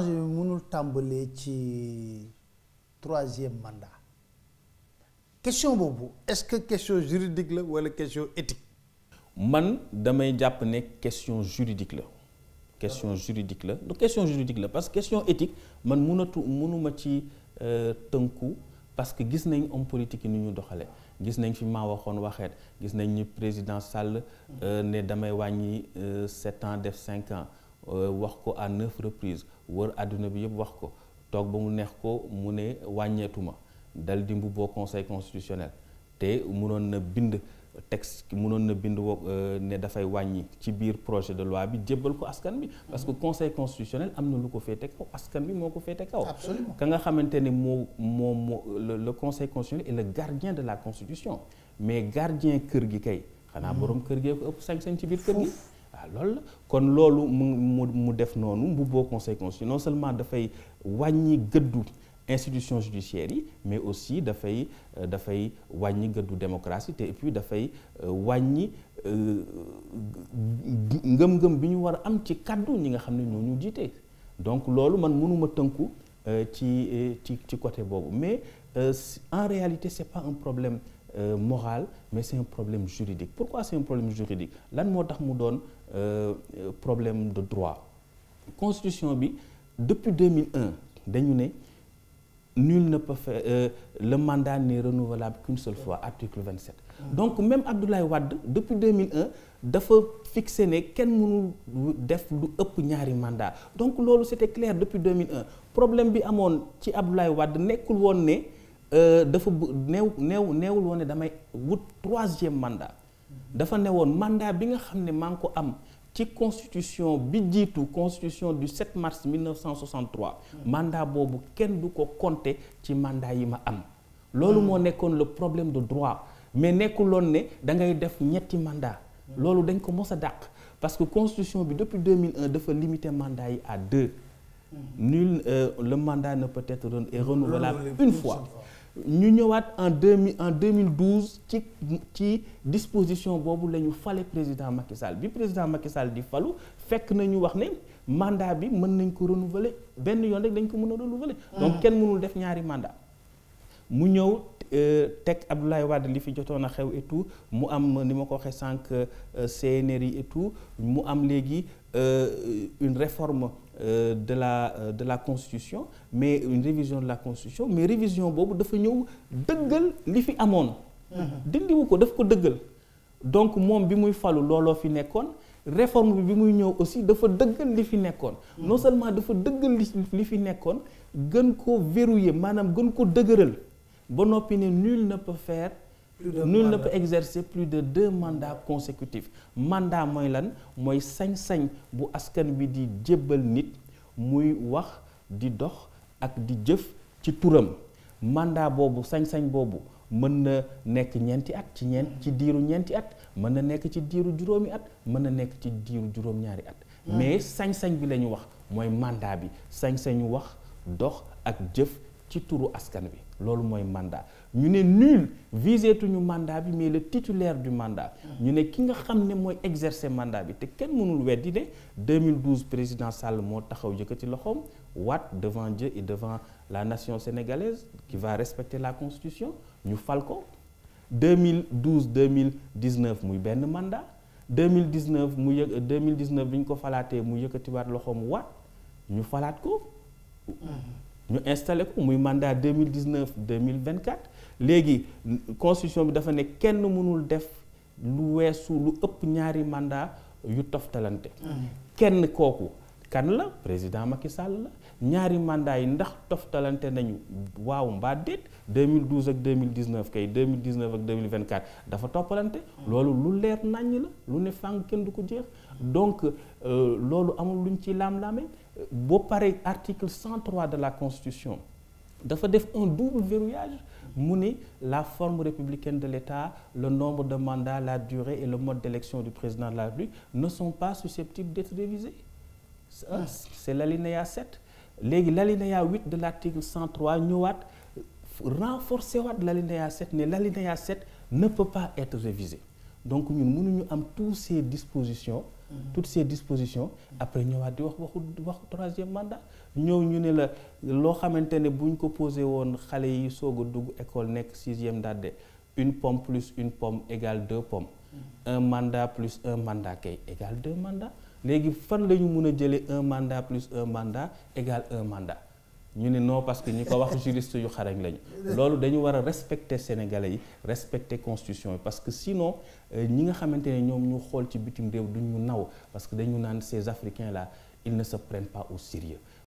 Je mënul troisième mandat question Bobo, est-ce que question juridique la question éthique man damay question juridique question juridique la question juridique parce que question éthique man euh, parce que gis nañ politique ñu gis nañ président Sall euh, ne damay euh, sept ans def cinq ans à neuf reprises wër aduna bi yëpp wax ko toog ba mu neex ko mu ne wàññeetuma dal di mbubboo conseil constitutionnel te munoon na bind texte munoon na bind wo euh, ne dafay wàññi ci biir projet de loi bi jébbal ko askan bi parce que conseil constitutionnel am na lu ko féete kaw askan bi moo ko féete kaw absolument ka nga xamante ne moo moo moo le conseil constitutionnel est le gardien de la constitution mais gardien kër gi kay xanaa hmm. borom kër gi ko ëpp sañ-sañ ci biir kër gi ah loolu kon lolou mu mu def noonu mu boo conséquence non seulement fay wàññi geudou institution judiciaire yi mais aussi da fay euh, wàññi geudou démocratie et puis dafay euh, wàññi euh, ngëm-ngëm bi ñu war am ci kàddu ñi nga xamné ñoo ñu jiite donc lolou man mënuma teunku ci ci côté bobu mais en réalité c'est pas un problème euh, moral mais c'est un problème juridique pourquoi c'est un problème juridique Là, nous avons donne problème de droit constitution depuis 2001 nul ne peut faire euh, le mandat n'est renouvelable qu'une seule fois article 27 donc même Abdoulaye Wad, depuis 2001 a fixé ne peut pas def lu mandat donc c'était clair depuis 2001 problème bi Abdoulaye Wad nekkul que il euh, troisième mandat mandat bi constitution constitution du 7 mars 1963 mandat mandat ma am le problème de droit mais est, mandat dañ ko parce que constitution depuis 2001 dafa limiter mandat à deux nul euh, le mandat ne peut être renouvelable une fois ñu ñëwaat en 2012 en ci ci disposition boobu la ñu président Macky Sall bi président Macky Sall di falu fekk nañu wax ne mandat bi mën nañ ko renouveler benn yoon rek dañ ko mën renouveler. donc quel mm. mënul def ñaari mandat mu ñëw. Euh, tek Abdoulaye Wade li fi jotona xew et tout mu am nima ko waxee sank euh, CNRI et tout mu am léegi euh, une réforme de la de la constitution mais une révision de la constitution mais révision bobu dafa ñew deugal li fi amone mhm. dindiwu ko daf ko deugal donc mom bi muy falu lolo fi nekkoon. réforme bi bi muy ñew aussi dafa deugal li fi nekkoon. Mhm. non seulement dafa deugal li fi nekkoon gën ko verrouiller manam gën ko dëgëral ba opinion nul ne peut faire nul ne peut exercer plus de deux mandats consécutifs mandat moyen lan moy sañ-sañ bu askan bi di jébbal nit muy wax di dox ak di djef, ci touram. mandat bobu, sañ-sañ bobu, mën nek nekk at ci ñeent ci diiru ñeenti at mën nek ci diiru juróomi at mën nek ci diiru ñaari at ah. mais sañ-sañ bi la wax moy mandat bi sañ-sañu wax dox ak djef, ci turu askan bi lolou moy mandat ñu né nul visé le mandat bi mais le titulaire du mandat ñu né ki nga xamné moy exercer mandat bi té kenn mënul wéddi né 2012 président Sall moo taxaw yëkkati loxom wat devant Dieu et devant la nation sénégalaise qui va respecter la constitution ñu fal ko 2012 2019 muy benn mandat 2019 muy 2019 nous ko falaté muy yëkëti yëkkatiwaat loxom wat ñu falat ko mm-hmm. ñu installé ko muy mandat 2019 2024 léegi constitution bi dafa ne kenn mënul def lu weesu lu ëpp ñaari mandat yu toftalante mm. kenn kooku kan la président Macky Sall la ñaari mandat yi ndax toftalante nañu waaw mbaa déet 2012 ak 2019 kay 2019 ak 2024 dafa toppalante loolu lu leer la ne ko donc euh, loolu amul luñ ci laam bo article 103 de la constitution dafa def un double verrouillage mu la forme républicaine de l'État, le nombre de mandats, la durée et le mode d'élection du président de la République ne sont pas susceptibles d'être révisés. Ah. C'est la l'alinéa 7 léegi l'alinéa 8 de l'article 103 ñëwaat renforcer l'alinéa 7 mais l'alinéa 7 ne peut pas être révisé donc nous avons ces dispositions mhm. toutes ces dispositions après ñëwaat di troisième mandat ñëw ñu la école une pomme plus une pomme égale deux pommes mhm. un mandat plus un mandat égale deux mandats Maintenant, fan la ñu mun un mandat plus un mandat égal un mandat ñu ne non parce que nous ko wax juriste yu xarañ lañu. loolu dañu war a respecter sénégalais yi respecter constitution parce que sinon euh, ñi nga xamante ne ñoom ñu xool ci bitim réew du naw parce que dañu ces africains là ils ne se prennent pas au sérieux